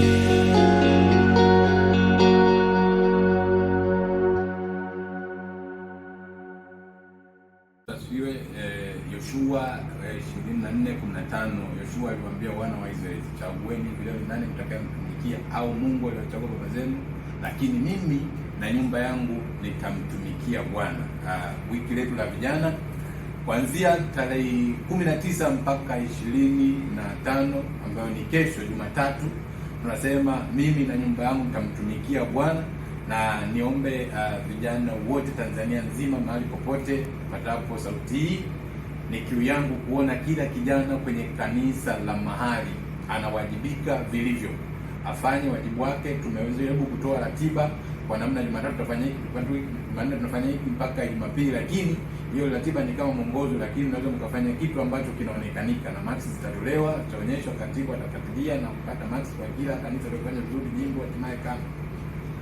Asifiwe. Eh, Yoshua eh, ishirini na na tano Yoshua aliwaambia wana wa Israeli, chagueni vileo nani mtakayemtumikia, au Mungu aliyochagua baba zenu, lakini mimi na nyumba yangu nitamtumikia Bwana. Ah, wiki letu la vijana kuanzia tarehe tisa mpaka ishirini na tano ambayo ni kesho Jumatatu tunasema mimi na nyumba yangu nitamtumikia Bwana na niombe uh, vijana wote Tanzania nzima mahali popote patapo sauti hii. Ni kiu yangu kuona kila kijana kwenye kanisa la mahali anawajibika vilivyo, afanye wajibu wake. Tumeweza kutoa ratiba kwa namna Jumatatu tutafanya hiki, Jumanne tunafanya hiki mpaka Jumapili, lakini hiyo ratiba ni kama mwongozo, lakini unaweza mkafanya kitu ambacho kinaonekanika na max zitatolewa, zitaonyeshwa, katibu atafuatilia na kupata max kwa kila kanisa lilofanya vizuri jimbo hatimaye kama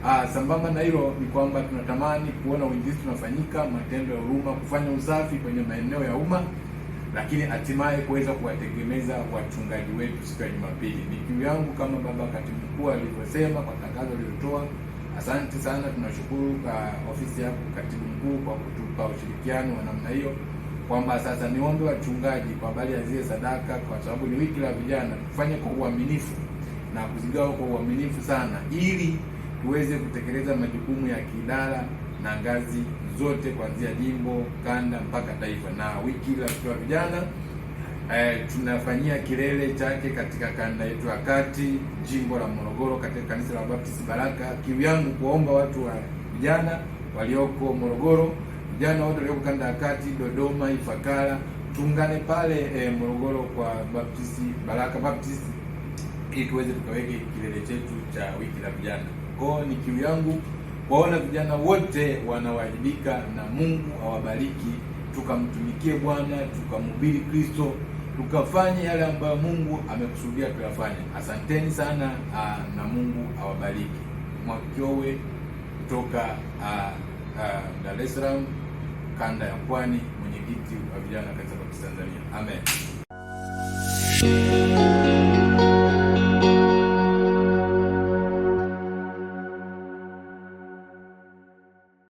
Ah, sambamba na hilo ni kwamba tunatamani kuona uinjilisti tunafanyika, matendo ya huruma, kufanya usafi kwenye maeneo ya umma, lakini hatimaye kuweza kuwategemeza wachungaji wetu siku ya Jumapili. Ni kiu yangu kama baba katibu mkuu alivyosema kwa tangazo alilotoa Asante sana, tunashukuru kwa ofisi yako katibu mkuu kwa kutupa ushirikiano wa namna hiyo, kwamba sasa niombe wachungaji kwa habari ya zile sadaka, kwa sababu ni wiki la vijana, tufanye kwa uaminifu na kuzigawa kwa uaminifu sana, ili tuweze kutekeleza majukumu ya kiidara na ngazi zote kuanzia jimbo, kanda mpaka taifa. Na wiki la vijana eh, tunafanyia kilele chake katika kanda yetu ya kati, jimbo la Morogoro, katika kanisa la Baptist Baraka. Kiu yangu kuomba watu wa vijana walioko Morogoro, vijana wote walioko kanda ya kati, Dodoma, Ifakara, tuungane pale eh, Morogoro kwa Baptist Baraka Baptist ili tuweze tukaweke kilele chetu cha wiki la vijana. Kwao ni kiu yangu waona vijana wote wanawajibika na Mungu awabariki, tukamtumikie Bwana, tukamhubiri Kristo tukafanye yale ambayo Mungu amekusudia tuyafanye. Asanteni sana ah, na Mungu awabariki. mwakiowe kutoka ah, ah, Dar es Salaam, kanda ya Pwani, mwenyekiti wa vijana katika Tanzania. Amen.